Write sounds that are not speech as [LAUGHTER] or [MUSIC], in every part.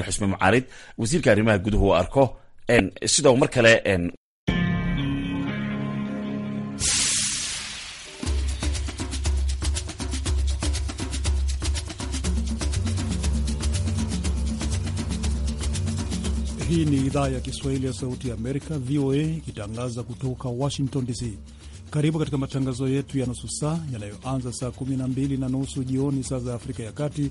xusme mucaarid wasiirka arrimaha guduhu uu arko sidoo mar kale Hii ni idhaa ya Kiswahili ya Sauti ya Amerika, VOA, ikitangaza kutoka Washington DC. Karibu katika matangazo yetu ya nusu saa yanayoanza saa 12 na nusu jioni saa za Afrika ya Kati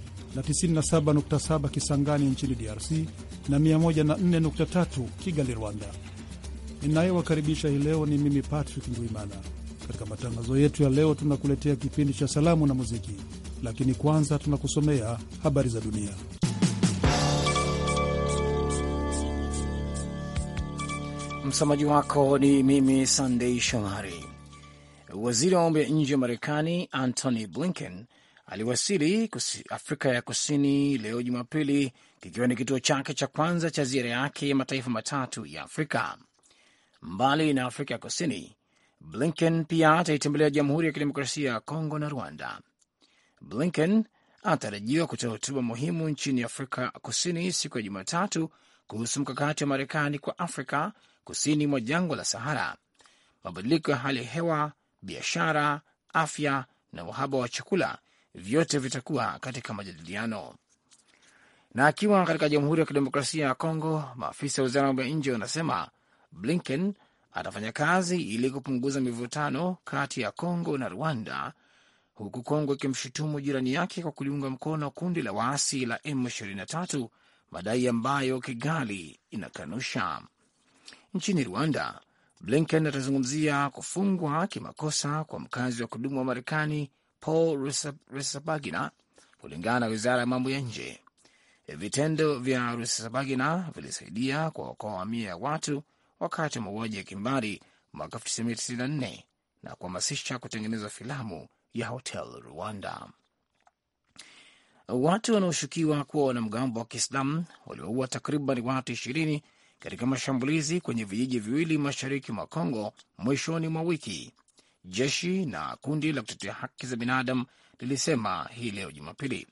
na 97.7 Kisangani nchini DRC na 104.3 Kigali, Rwanda. Ninayewakaribisha hii leo ni mimi Patrick Ngwimana. Katika matangazo yetu ya leo, tunakuletea kipindi cha salamu na muziki, lakini kwanza tunakusomea habari za dunia. Msomaji wako ni mimi Sandei Shomari. Waziri wa mambo ya nje wa Marekani Antony Blinken aliwasili Afrika ya Kusini leo Jumapili, kikiwa ni kituo chake cha kwanza cha ziara yake ya mataifa matatu ya Afrika. Mbali na Afrika ya Kusini, Blinken pia ataitembelea Jamhuri ya Kidemokrasia ya Kongo na Rwanda. Blinken anatarajiwa kutoa hotuba muhimu nchini Afrika Kusini siku ya Jumatatu kuhusu mkakati wa Marekani kwa Afrika kusini mwa jangwa la Sahara, mabadiliko ya hali ya hewa, biashara, afya na uhaba wa chakula vyote vitakuwa katika majadiliano. Na akiwa katika Jamhuri ya Kidemokrasia ya Kongo, maafisa wa wizara ya mambo ya nje wanasema Blinken atafanya kazi ili kupunguza mivutano kati ya Kongo na Rwanda, huku Kongo ikimshutumu jirani yake kwa kuliunga mkono kundi la waasi la M23, madai ambayo Kigali inakanusha. Nchini Rwanda, Blinken atazungumzia kufungwa kimakosa kwa mkazi wa kudumu wa Marekani Paul Rusesabagina, kulingana na wizara ya mambo ya nje. Vitendo vya Rusesabagina vilisaidia kuwaokoa mia ya watu wakati wa mauaji ya kimbari mwaka 1994 na kuhamasisha kutengenezwa filamu ya Hotel Rwanda. Watu wanaoshukiwa kuwa wanamgambo wa Kiislamu walioua takriban watu ishirini katika mashambulizi kwenye vijiji viwili mashariki mwa congo mwishoni mwa wiki jeshi na kundi la kutetea haki za binadamu lilisema hii leo Jumapili.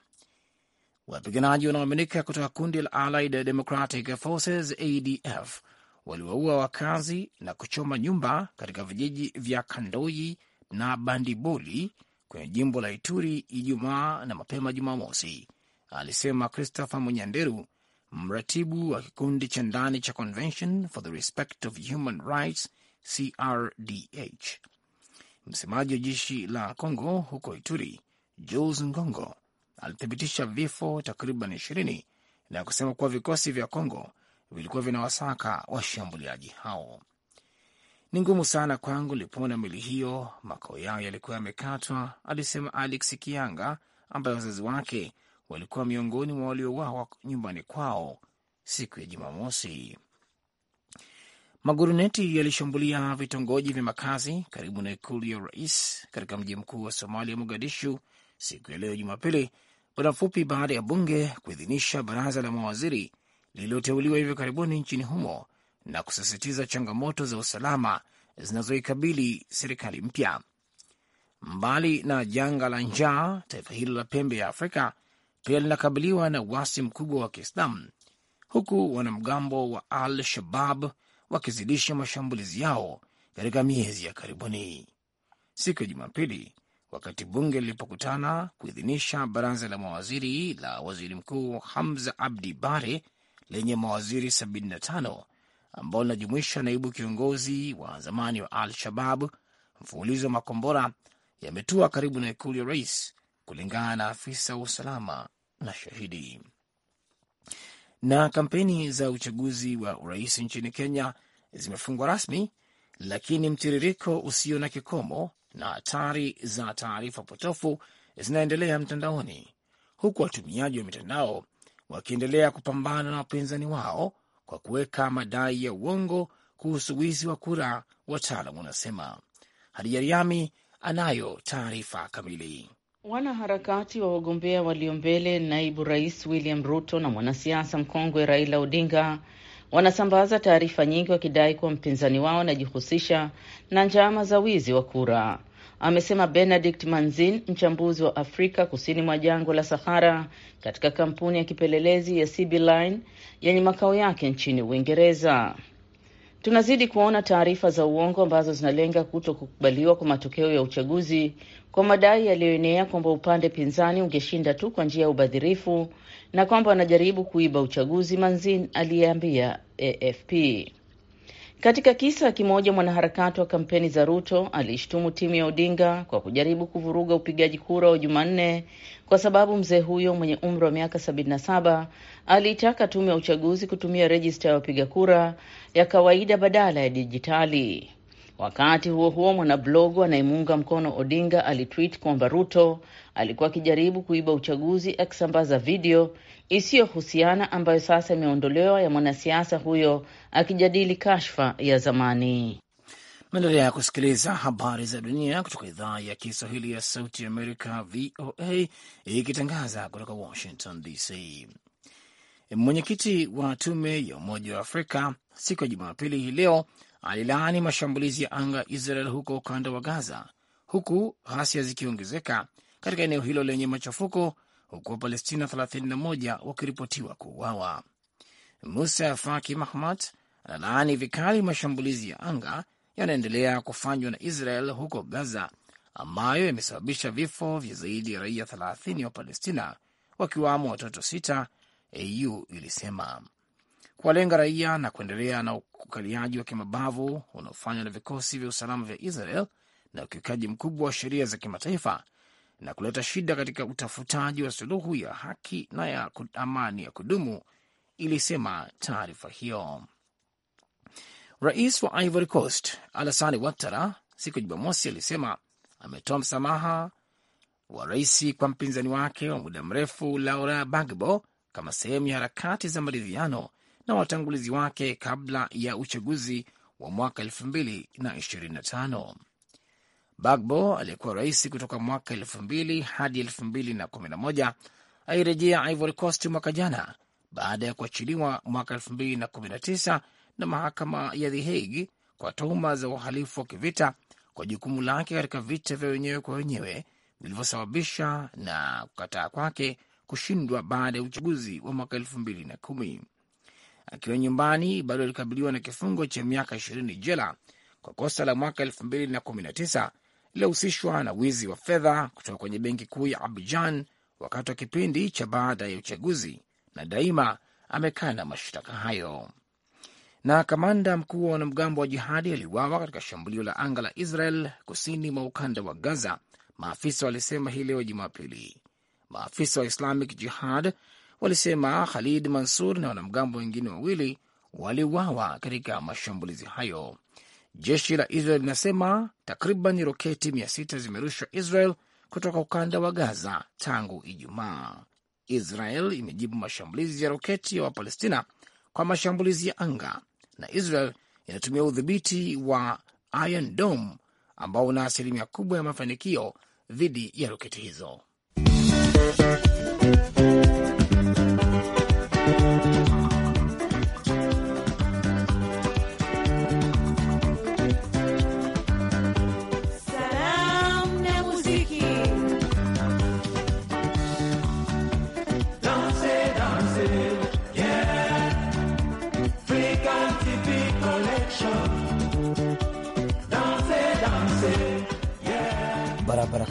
Wapiganaji wanaoaminika kutoka kundi la Allied Democratic Forces ADF waliwaua wakazi na kuchoma nyumba katika vijiji vya kandoi na Bandiboli kwenye jimbo la Ituri Ijumaa na mapema Jumamosi, alisema Christopher Munyanderu, mratibu wa kikundi cha ndani cha Convention for the Respect of Human Rights CRDH. Msemaji wa jeshi la congo huko Ituri, Jules Ngongo, alithibitisha vifo takriban ishirini na kusema kuwa vikosi vya congo vilikuwa vinawasaka washambuliaji hao. Ni ngumu sana kwangu lipona meli hiyo, makao yao yalikuwa yamekatwa, alisema Alex Kianga, ambaye wazazi wake walikuwa miongoni mwa waliouawa nyumbani kwao siku ya Jumamosi. Maguruneti yalishambulia vitongoji vya makazi karibu na ikulu ya rais katika mji mkuu wa Somalia, Mogadishu, siku ya leo Jumapili, muda mfupi baada ya bunge kuidhinisha baraza la mawaziri lililoteuliwa hivi karibuni nchini humo na kusisitiza changamoto za usalama zinazoikabili serikali mpya. Mbali na janga la njaa, taifa hilo la pembe ya Afrika pia linakabiliwa na uasi mkubwa wa Kiislamu, huku wanamgambo wa Al Shabab wakizidisha mashambulizi yao katika miezi ya karibuni. Siku ya Jumapili, wakati bunge lilipokutana kuidhinisha baraza la mawaziri la waziri mkuu Hamza Abdi Bare lenye mawaziri 75 ambao linajumuisha naibu kiongozi wa zamani wa Al Shabab, mfululizo wa makombora yametua karibu na ikulu ya rais, kulingana na afisa wa usalama na shahidi. Na kampeni za uchaguzi wa urais nchini Kenya zimefungwa rasmi, lakini mtiririko usio na kikomo na hatari za taarifa potofu zinaendelea mtandaoni, huku watumiaji wa mitandao wakiendelea kupambana na wapinzani wao kwa kuweka madai ya uongo kuhusu wizi wa kura, wataalam wanasema. Hadija Riami anayo taarifa kamili. Wanaharakati wa wagombea walio mbele, naibu rais William Ruto na mwanasiasa mkongwe Raila Odinga wanasambaza taarifa nyingi wakidai kuwa mpinzani wao anajihusisha na njama za wizi wa kura, amesema Benedict Manzin, mchambuzi wa Afrika kusini mwa jangwa la Sahara katika kampuni ya kipelelezi ya CB yenye makao yake nchini Uingereza. Tunazidi kuona taarifa za uongo ambazo zinalenga kuto kukubaliwa kwa matokeo ya uchaguzi kwa madai yaliyoenea kwamba upande pinzani ungeshinda tu kwa njia ya ubadhirifu na kwamba wanajaribu kuiba uchaguzi, Manzin aliyeambia AFP. Katika kisa kimoja, mwanaharakati wa kampeni za Ruto aliishtumu timu ya Odinga kwa kujaribu kuvuruga upigaji kura wa Jumanne kwa sababu mzee huyo mwenye umri wa miaka 77 aliitaka tume ya uchaguzi kutumia rejista ya wapiga kura ya kawaida badala ya dijitali. Wakati huo huo, mwanablogu anayemuunga mkono Odinga alitwit kwamba Ruto alikuwa akijaribu kuiba uchaguzi akisambaza video isiyohusiana ambayo sasa imeondolewa ya mwanasiasa huyo akijadili kashfa ya zamani. Maendelea kusikiliza habari za dunia kutoka idhaa ya Kiswahili ya Sauti Amerika, VOA, ikitangaza kutoka Washington DC. Mwenyekiti wa Tume ya Umoja wa Afrika siku ya Jumapili hii leo alilaani mashambulizi ya anga Israel huko ukanda wa Gaza, huku ghasia zikiongezeka katika eneo hilo lenye machafuko huku Wapalestina 31 wakiripotiwa kuuawa. Musa Faki Mahmat analaani vikali mashambulizi ya anga yanaendelea kufanywa na Israel huko Gaza, ambayo yamesababisha vifo vya zaidi ya raia 30 wa Palestina, wakiwamo watoto sita. AU ilisema kuwalenga raia na kuendelea na ukaliaji wa kimabavu unaofanywa na vikosi vya usalama vya Israel na ukiukaji mkubwa wa sheria za kimataifa na kuleta shida katika utafutaji wa suluhu ya haki na ya amani ya kudumu, ilisema taarifa hiyo. Rais wa Ivory Coast Alassane Ouattara siku ya Jumamosi alisema ametoa msamaha wa rais kwa mpinzani wake wa muda mrefu Laurent Gbagbo kama sehemu ya harakati za maridhiano na watangulizi wake kabla ya uchaguzi wa mwaka 2025. Bagbo aliyekuwa rais kutoka mwaka elfu mbili hadi elfu mbili na kumi na moja alirejea Ivory Coast mwaka jana baada ya kuachiliwa mwaka elfu mbili na kumi na tisa na mahakama ya The Hague kwa tuhuma za uhalifu wa kivita kwa jukumu lake katika vita vya wenyewe kwa wenyewe vilivyosababisha na kukataa kwake kushindwa baada ya uchaguzi wa mwaka elfu mbili na kumi. Akiwa nyumbani bado alikabiliwa na kifungo cha miaka ishirini jela kwa kosa la mwaka elfu mbili na kumi na tisa lilohusishwa na wizi wa fedha kutoka kwenye benki kuu ya Abidjan wakati wa kipindi cha baada ya uchaguzi, na daima amekana mashtaka hayo. Na kamanda mkuu wa wanamgambo wa jihadi aliuawa katika shambulio la anga la Israel kusini mwa ukanda wa Gaza, maafisa walisema hii leo Jumapili. Maafisa wa Islamic Jihad walisema Khalid Mansur na wanamgambo wengine wawili waliuawa katika mashambulizi hayo. Jeshi la Israel linasema takriban roketi mia sita zimerushwa Israel kutoka ukanda wa Gaza tangu Ijumaa. Israel imejibu mashambulizi ya roketi ya Wapalestina kwa mashambulizi ya anga, na Israel inatumia udhibiti wa Iron Dome ambao una asilimia kubwa ya mafanikio dhidi ya roketi hizo.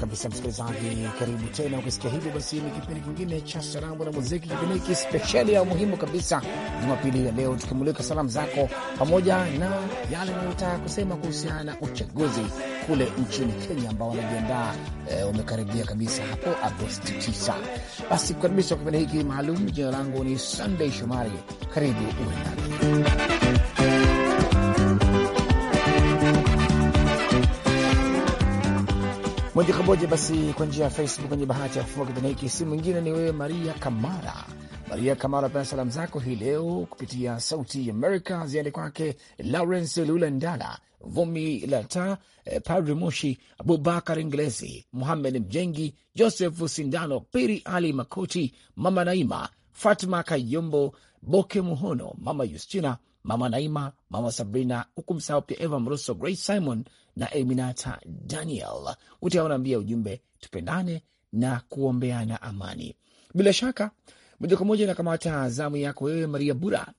kabisa msikilizaji, karibu tena. Ukisikia hivyo, basi ni kipindi kingine cha salamu na muziki, kipindi hiki spesheli ya muhimu kabisa Jumapili ya leo, tukimulika salamu zako pamoja na yale unayotaka kusema kuhusiana na uchaguzi kule nchini Kenya ambao wanajiandaa eh, wamekaribia e, kabisa hapo Agosti 9. Basi kukaribisha kipindi hiki maalum, jina langu ni Sunday Shomari, karibu uendani moja kwa moja basi kwa njia ya Facebook kwenye bahati ya kufua kipindi hiki. Si mwingine ni wewe Maria Kamara. Maria Kamara, pena salamu zako hii leo kupitia Sauti America ziende kwake Lawrence Lulandala, Vumi Lata, eh, Padri Moshi, Abubakar Inglesi, Muhamed Mjengi, Joseph Sindano, Piri Ali Makoti, Mama Naima, Fatma Kayombo, Boke Muhono, Mama Yustina, Mama Naima, Mama Sabrina, hukumsahau pia Eva Mroso, Grace Simon na Eminata Daniel. Wote wanaambia ujumbe tupendane na kuombeana amani. Bila shaka moja kwa moja nakamata zamu yako wewe, Maria Bura,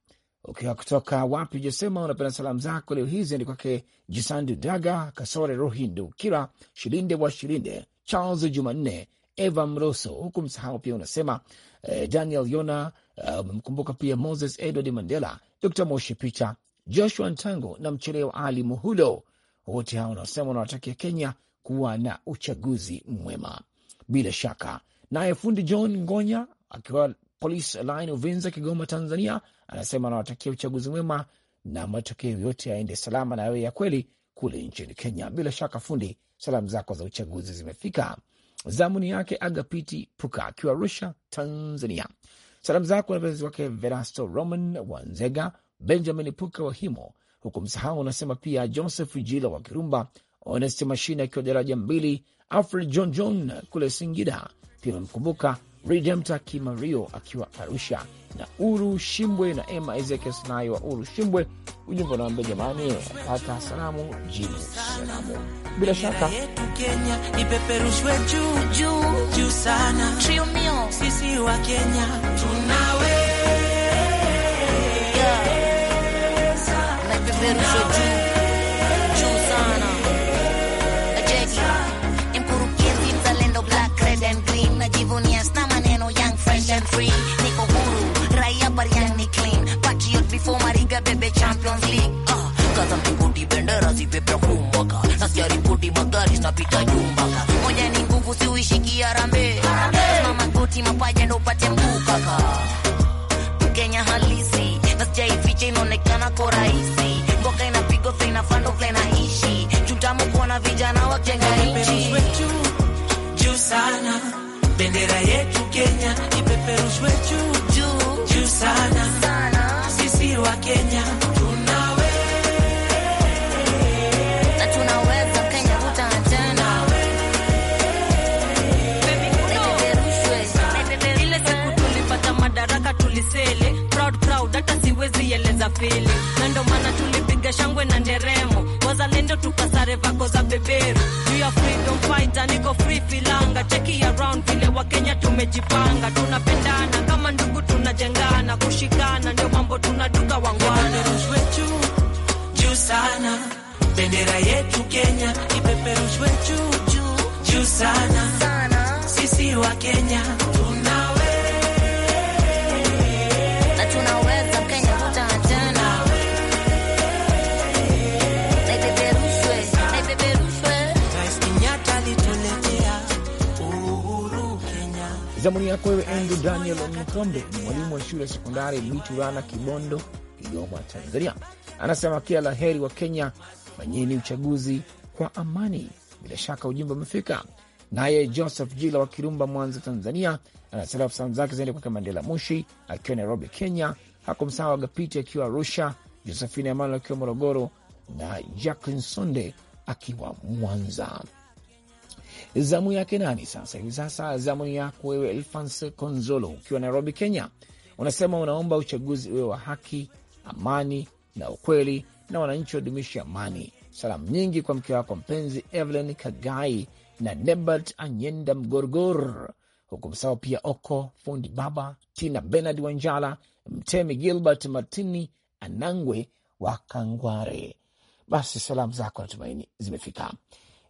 ukiwa kutoka wapi ujasema unapenda salamu zako leo hizi ni kwake Jisandu Daga, Kasore Rohindu, Kira Shilinde wa Shilinde, Charles Jumanne, Eva Mroso, huku msahau pia unasema eh, Daniel Yona eh, umemkumbuka, uh, pia Moses Edward Mandela, Dr Moshe Picha, Joshua Ntango na mchelewa Ali Muhulo wote hao wanaosema wanawatakia Kenya kuwa na uchaguzi mwema. Bila shaka, naye fundi John Ngonya akiwa Police Line Uvinza, Kigoma, Tanzania, anasema anawatakia uchaguzi mwema na matokeo yote yaende salama na yawe ya kweli kule nchini Kenya. Bila shaka, fundi, salamu zako za uchaguzi zimefika. Zamuni yake Agapiti Puka akiwa Arusha, Tanzania. Salamu zako na wazazi wake Verasto Roman Wanzega, Benjamin Puka wa Himo, huku msahau unasema pia Joseph Jila wa Kirumba, Onesti Mashine akiwa daraja mbili, Alfred John John kule Singida pia amemkumbuka redemta Kimario akiwa Arusha na Uru Shimbwe na Emma Ezekes Sinai wa Uru Shimbwe. Ujumbe unaambia jamani, pata salamu jibu salamu. Bila shaka Kenya ipeperushwe juu juu juu sana, sisi wa Kenya tunawe yeah kipeperushwe juu juu sana. Ajeki mkurugenzi mzalendo, black red and green, najivunia sna maneno, young fresh and free, niko huru raia bariani, clean patriot before Mariga bebe Champions League ah, kaza mtungudi bendera zipepea kumbaka, nasikia ripoti magari zinapita nyumbaka, moja ni nguvu siuishiki arambe mama magoti mapaja ndo upate mguu kaka, Mkenya halisi na sijaificha inaonekana ko rahisi na vijana wa Kenya nchi juu sana, bendera yetu Kenya ipeperushwe juu juu sana, sisi wa Kenya Proud, proud, hata siwezi eleza pili, na ndo maana tulipiga shangwe na nderemo wazalendo tukasare vako za beberu juu ya freedom fighter, niko free filanga cheki around vile wa Kenya tumejipanga, tunapendana kama ndugu, tunajengana kushikana, ndio mambo tunaduka wangwana. Rushwetu juu sana, bendera yetu Kenya ipeperushwe juu juu sana, sisi wa Kenya tuna Zamuni yako wewe Andrew Daniel Mkombe, mwalimu wa shule ya sekondari Miturana, Kibondo, Kigoma, Tanzania, anasema kila la heri wa Kenya, fanyeni uchaguzi kwa amani. Bila shaka ujumbe umefika. Naye Joseph Jila wa Kirumba, Mwanza, Tanzania, anasema salamu zake zinaenda kwake Mandela Mushi akiwa Nairobi, Kenya, hako msawa wagapiti akiwa Arusha, Josephine Amani akiwa Morogoro na jacklin Sonde akiwa Mwanza. Zamu yake nani sasa? Hivi sasa zamu yako wewe, Elfans Konzolo, ukiwa Nairobi, Kenya, unasema unaomba uchaguzi uwe wa haki, amani na ukweli, na wananchi wadumishi amani. Salamu nyingi kwa mke wako mpenzi Evelyn Kagai na Nebert Anyenda Mgorgor, huku msao pia Oko Fundi, Baba Tina, Benard Wanjala, Mtemi Gilbert Martini, Anangwe wa Kangware. Basi salamu zako natumaini zimefika.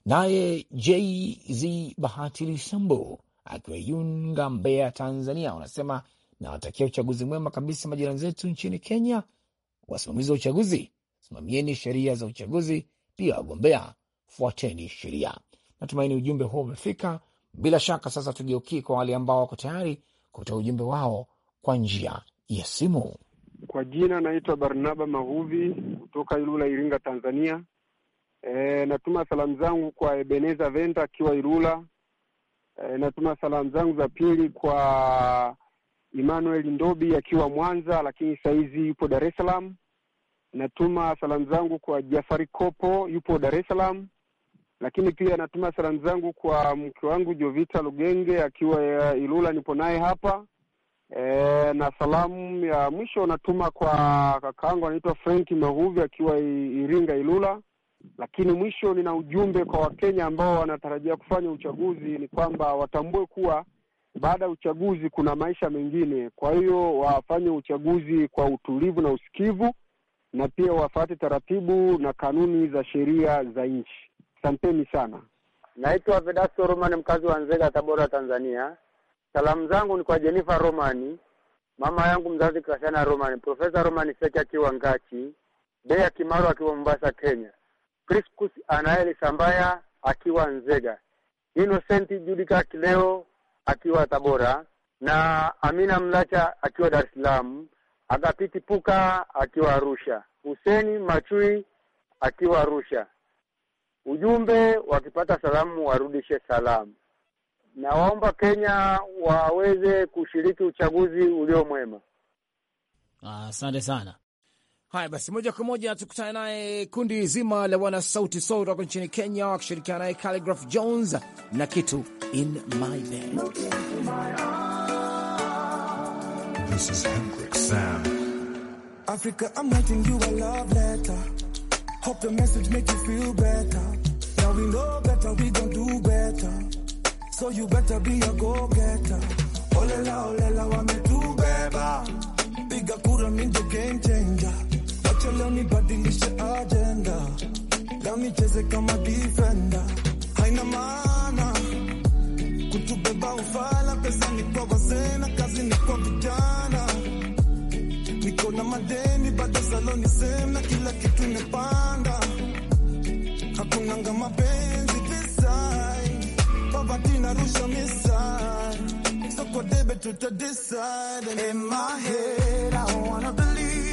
Naye JZ Bahati Lisambo akiwa Yunga, Mbeya, Tanzania, wanasema nawatakia uchaguzi mwema kabisa majirani zetu nchini Kenya. Wasimamizi wa uchaguzi, simamieni sheria za uchaguzi, pia wagombea, fuateni sheria. Natumaini ujumbe huo umefika. Bila shaka sasa tugeukie kwa wale ambao wako tayari kutoa ujumbe wao kwa njia ya simu. Kwa jina naitwa Barnaba Mahuvi kutoka Ilula, Iringa, Tanzania. E, natuma salamu zangu kwa Ebeneza Venta akiwa Ilula. E, natuma salamu zangu za pili kwa Emmanuel Ndobi akiwa Mwanza, lakini saizi yupo Dar es Salaam. Natuma salamu zangu kwa Jafari Kopo yupo Dar es Salaam, lakini pia natuma salamu zangu kwa mke wangu Jovita Lugenge akiwa eh, Ilula, nipo naye hapa e, na salamu ya mwisho natuma kwa kakaangu anaitwa Frank Mahuvi akiwa Iringa Ilula lakini mwisho, nina ujumbe kwa Wakenya ambao wanatarajia kufanya uchaguzi, ni kwamba watambue kuwa baada ya uchaguzi kuna maisha mengine. Kwa hiyo wafanye uchaguzi kwa utulivu na usikivu, na pia wafate taratibu na kanuni za sheria za nchi. Asanteni sana. Naitwa Vedasto Romani, mkazi wa Nzega, Tabora, Tanzania. Salamu zangu ni kwa Jenifa Romani, mama yangu mzazi, kasana Romani, Profesa Romani Seki akiwa Ngachi, Bea Kimaro akiwa Mombasa, Kenya. Priscus Anaeli Sambaya akiwa Nzega, Innocent Judika Kileo akiwa Tabora na Amina Mlacha akiwa Dar es Salaam, Agapiti Puka akiwa Arusha, Huseni Machui akiwa Arusha. Ujumbe, wakipata salamu warudishe salamu. Nawaomba Kenya waweze kushiriki uchaguzi ulio mwema. Asante sana. Haya basi, moja kwa moja tukutane naye kundi zima la wana Sauti Sol kutoka nchini Kenya, wakishirikiana naye Calligraph Jones na kitu in my bed. This is Hendrik Sam. Africa, I'm writing you a love letter. Hope the message make you feel better. Now we know better, we gon' do better. So you better be a go-getter. Olela, olela, wametubeba. Piga kura, mi ndo game changer. Chalo nibadilishe ajenda, nami cheze kama defender. Haina maana kutubeba ufala, pesa ni kwa wazee na kazi ni kwa vijana. Niko na madeni bado saloni same na kila kitu imepanda, hakuna ngama penzi design baba tina rusha misai soko debe tuta decide in my head I wanna believe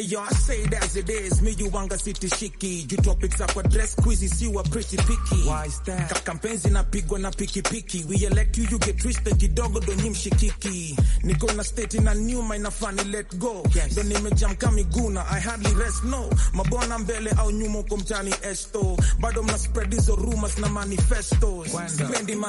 Hey, yo, I say it as it is. Me, you wanga city shiki. You topics up a dress quizzy, see what pretty picky. Why is that? Ka campaigns in a pig pigwa a picky picky. We elect you, you get twisted dog do him shikiki. Nikona state in a new mind, nyuma funny let go. Yes. name jam kami guna, I hardly rest no. bona mbele au nyumo kumtani mtani esto. Bado mna spread these rumors na manifestos.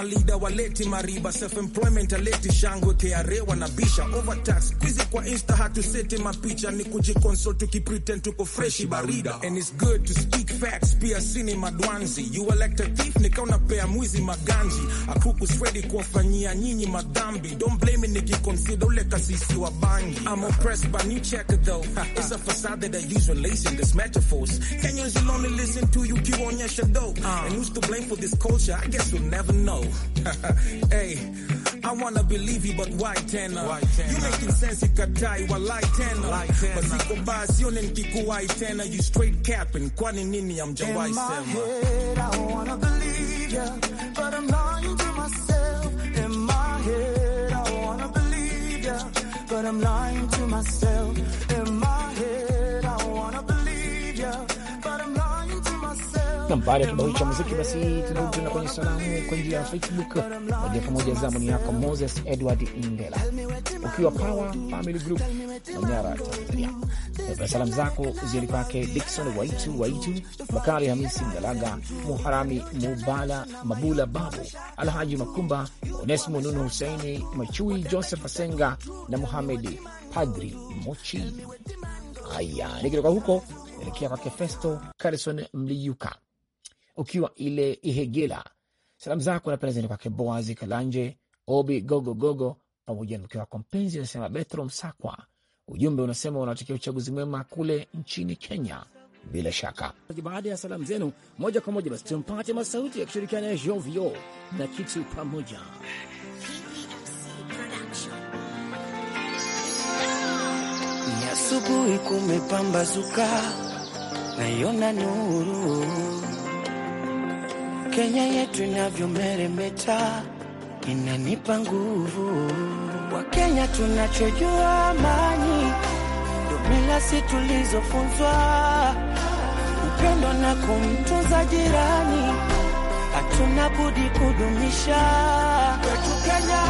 leader, wa leti mariba. Self employment a aleti shangwe. Kearewa na bisha overtax. quizzy kwa Insta hatuseti mapicha ni kujikon so tuki pretend tuko freshi barida and it's good to speak facts pia sini madwanzi you elect a thief nikaunapea mwizi maganji akukuswedi kuwafanyia nyinyi madhambi don't blame me nikiconsider ule kasisi wa bangi I'm oppressed by new check though it's a facade that I use relation this metaphors Kenyans will only listen to you kionyesha though ah. and who's to blame for this culture I guess we'll never know [LAUGHS] hey I wanna believe you, but why tena? Why tena? You making sense ikatai walai tena. But siko basi yone nkikuwai tena. You straight capping, kwani nini amjawai sema? In my head, I wanna believe ya, but I'm lying to myself. In my head, I wanna believe ya, but I'm lying to myself. In my head. na baada ya kibao hicho muziki, basi tunarudi tena kwenye salamu kwa njia ya Facebook moja kwa moja. Zamani yako Moses Edward Ingela, ukiwa Power Family Group Manyara, Tanzania. Aa, salamu zako zieli kwake Dikson Waitu Waitu, Bakari Hamisi Ngalaga Muharami Mubala, Mabula Babu, Alhaji Makumba, Onesimo Nunu, Huseini Machui, Joseph Asenga na Muhamedi Padri Mochi. Haya, nikitoka huko elekea kwake Festo Carison Mliyuka ukiwa ile Ihegela. Salamu zako napenda ziende kwake Boazi Kalanje, Obi Gogo Gogo pamoja na mke wako mpenzi, unasema Betro Msakwa. Ujumbe unasema unatakia uchaguzi mwema kule nchini Kenya. Bila shaka baada ya salamu zenu, moja kwa moja basi tumpate masauti ya kushirikiana ya Jovio na kitu pamoja asubuhi, kumepambazuka naiona nuru Kenya yetu inavyomeremeta inanipa nguvu. Wa Kenya tunachojua amani, domila si tulizofunzwa, upendo na kumtunza jirani, hatuna budi kudumisha kwetu Kenya.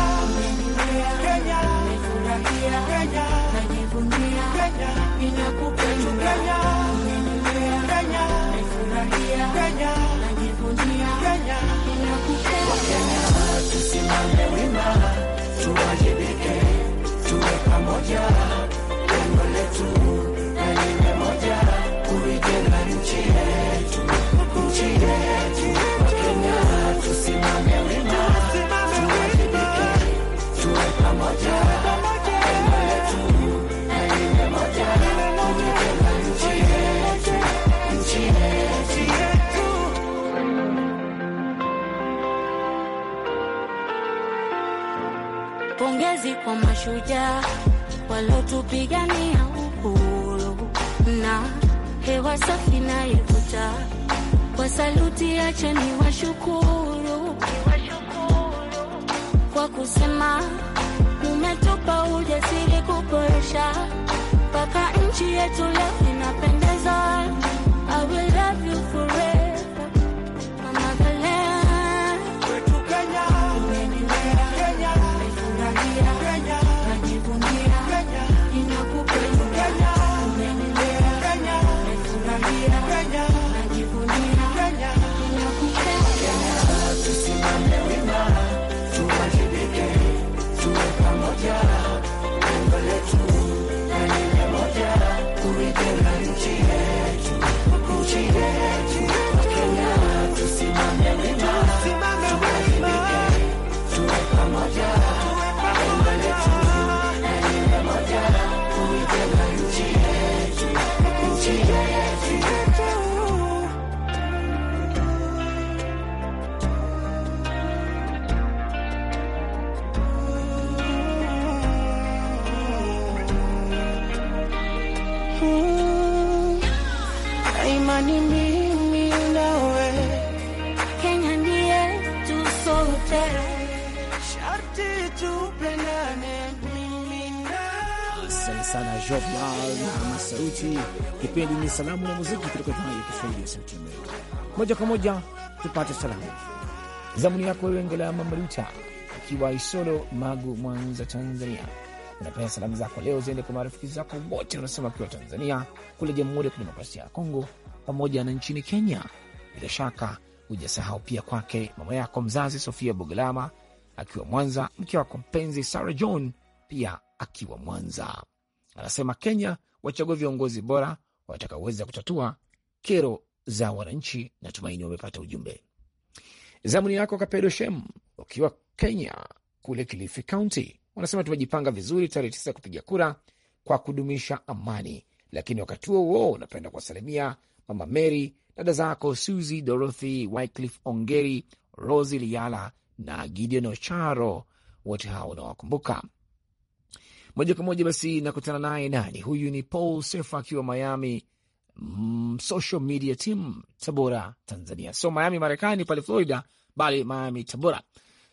Kenya Kenya, Kenya Tusimame wima, tuwajibike, tuwe pamoja, lengo letu na lime moja mashujaa walotupigania uhuru na hewa safi nayevuta kwa saluti, acha ni washukuru kwa kusema mumetupa ujasiri kuboresha mpaka nchi yetu leo inapenda jovial na masauti. Kipindi ni salamu na muziki kutoka idhaa ya Kiswahili ya Sauti Amerika. Moja kwa moja tupate salamu. Zamuni yako wewe ya Maruta ukiwa Isolo, Magu, Mwanza, Tanzania. Unapea salamu zako leo ziende kwa marafiki zako wote unasema akiwa Tanzania, kule Jamhuri ya Kidemokrasia ya Kongo pamoja na nchini Kenya. Bila shaka hujasahau pia kwake mama yako mzazi Sofia Bogelama akiwa Mwanza, mke wako mpenzi sara John pia akiwa Mwanza. Anasema Kenya wachagua viongozi bora watakaoweza kutatua kero za wananchi. Natumaini wamepata ujumbe. Zamuni yako Kapedo Shem ukiwa Kenya kule Kilifi County, wanasema tumejipanga vizuri tarehe tisa kupiga kura kwa kudumisha amani, lakini wakati huo huo unapenda kuwasalimia Mama Mary dada zako Suzi Dorothy Wycliffe Ongeri, Rosi Liala na Gideon Ocharo, wote hao unawakumbuka. Moja kwa moja basi nakutana naye. Nani huyu? Ni Paul Sefa akiwa Miami, mm, social media team Tabora, Tanzania. So Miami Marekani pale Florida, bali Miami Tabora.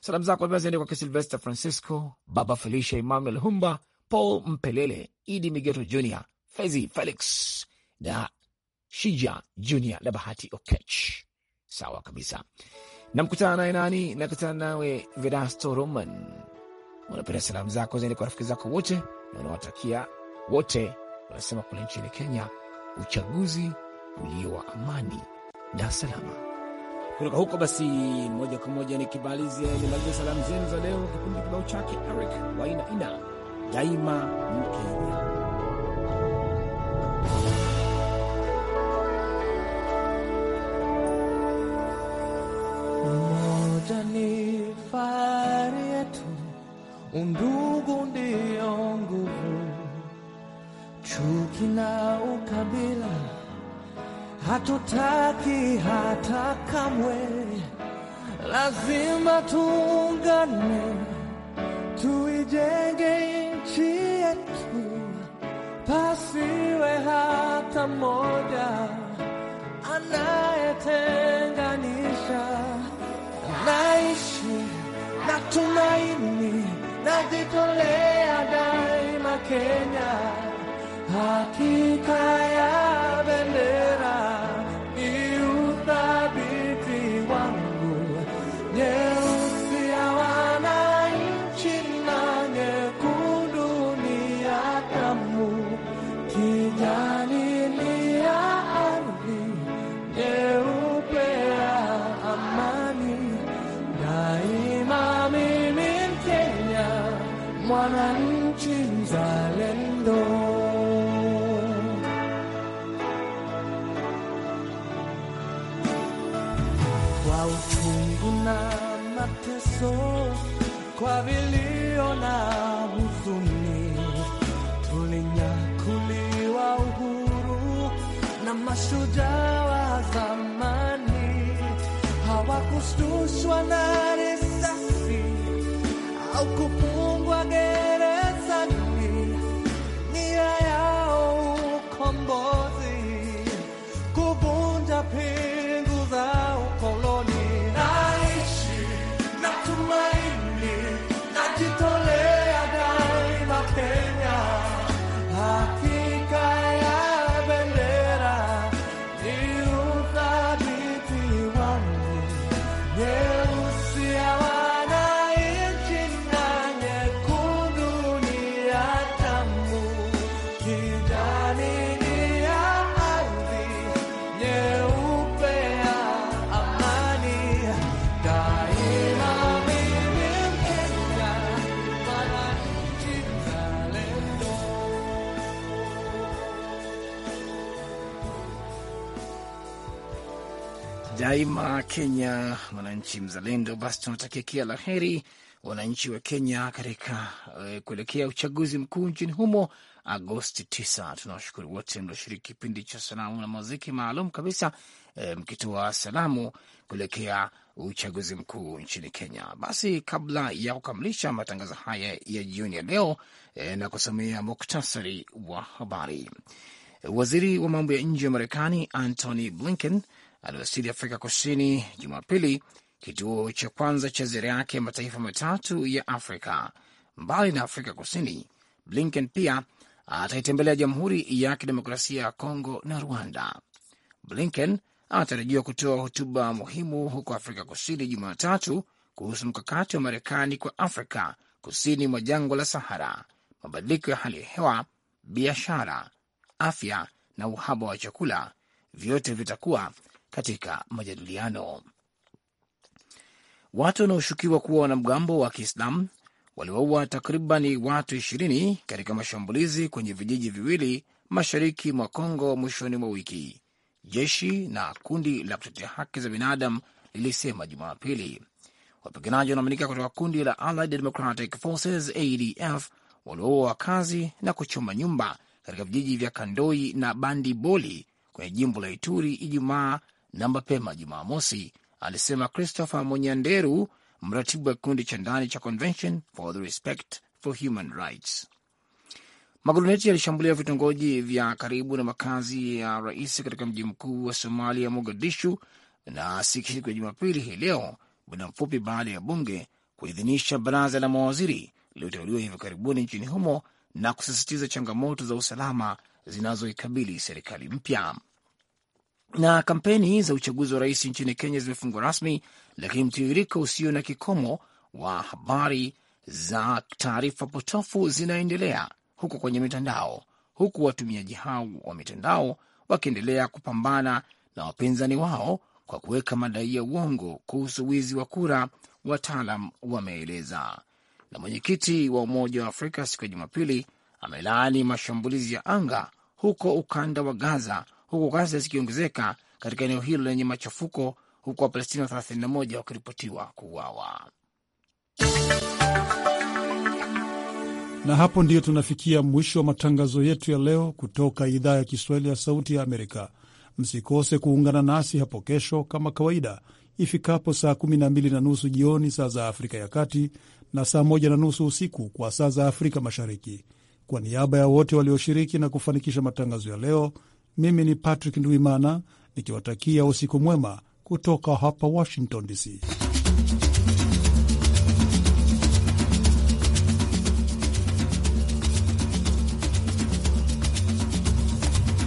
Salamu zako pia ziende kwake Silvester Francisco, Baba Felicia, Emmanuel Humba, Paul Mpelele, Idi Migeto Jr, Fezi Felix na Shija Jr na Bahati Okech. Sawa kabisa, namkutana naye nani? Nakutana nawe Vedasto Roman unapenda salamu zako zaende kwa rafiki zako wote, na unawatakia wote wanasema kule nchini Kenya uchaguzi ulio wa amani na salama. Kutoka huko basi, moja kwa moja nikimalizia nimalize salamu zenu za leo, kipindi kibao chake Eric Wainaina daima mkenya Undugu ndio nguvu, chuki na ukabila hatutaki hata kamwe. Lazima tuungane, tuijenge nchi yetu, pasiwe hata mmoja anayetenganisha naishi na tumaini akijitolea daima Kenya hakika sudahlah zamani hawaku susuanan Daima Kenya, mwananchi mzalendo. Basi tunatakia kila la heri wananchi wa Kenya katika uh, kuelekea uchaguzi mkuu nchini humo Agosti 9. Tunawashukuru wote mlioshiriki kipindi cha salamu na muziki maalum kabisa, e, mkitoa salamu kuelekea uchaguzi mkuu nchini Kenya. Basi kabla ya kukamilisha matangazo haya ya jioni ya leo e, na kusomea muktasari wa habari, waziri wa mambo ya nje wa Marekani Antony Blinken aliwasili Afrika Kusini Jumapili, kituo cha kwanza cha ziara yake ya mataifa matatu ya Afrika. Mbali na Afrika Kusini, Blinken pia ataitembelea Jamhuri ya Kidemokrasia ya Kongo na Rwanda. Blinken anatarajiwa kutoa hotuba muhimu huko Afrika Kusini Jumatatu kuhusu mkakati wa Marekani kwa Afrika kusini mwa jangwa la Sahara, mabadiliko ya hali ya hewa, biashara, afya na uhaba wa chakula, vyote vitakuwa katika majadiliano. Watu wanaoshukiwa kuwa wanamgambo wa kiislam waliwaua takribani watu ishirini katika mashambulizi kwenye vijiji viwili mashariki mwa Kongo mwishoni mwa wiki, jeshi na kundi la kutetea haki za binadamu lilisema Jumapili. Wapiganaji wanaaminika kutoka kundi la Allied Democratic Forces ADF waliwaua wakazi na kuchoma nyumba katika vijiji vya Kandoi na Bandi Boli kwenye jimbo la Ituri Ijumaa na mapema Jumamosi, alisema Christopher Munyanderu, mratibu wa kikundi cha ndani cha Convention for the Respect for Human Rights. Maguruneti yalishambulia vitongoji vya karibu na makazi ya rais katika mji mkuu wa Somalia, Mogadishu, na siku ya Jumapili hii leo, muda mfupi baada ya bunge kuidhinisha baraza la mawaziri lililoteuliwa hivi karibuni nchini humo na kusisitiza changamoto za usalama zinazoikabili serikali mpya. Na kampeni za uchaguzi wa rais nchini Kenya zimefungwa rasmi, lakini mtiririko usio na kikomo wa habari za taarifa potofu zinaendelea huko kwenye mitandao, huku watumiaji hao wa mitandao wakiendelea kupambana na wapinzani wao kwa kuweka madai ya uongo kuhusu wizi wa kura, wataalam wameeleza. Na mwenyekiti wa Umoja wa Afrika siku ya Jumapili amelaani mashambulizi ya anga huko ukanda wa Gaza huku ghasia zikiongezeka katika eneo hilo lenye machafuko, huku Wapalestina 31 wakiripotiwa kuuawa. Na hapo ndiyo tunafikia mwisho wa matangazo yetu ya leo kutoka idhaa ya Kiswahili ya Sauti ya Amerika. Msikose kuungana nasi hapo kesho kama kawaida ifikapo saa 12 na nusu jioni saa za Afrika ya Kati na saa 1 na nusu usiku kwa saa za Afrika Mashariki. Kwa niaba ya wote walioshiriki na kufanikisha matangazo ya leo, mimi ni Patrick nduimana nikiwatakia usiku mwema kutoka hapa Washington DC.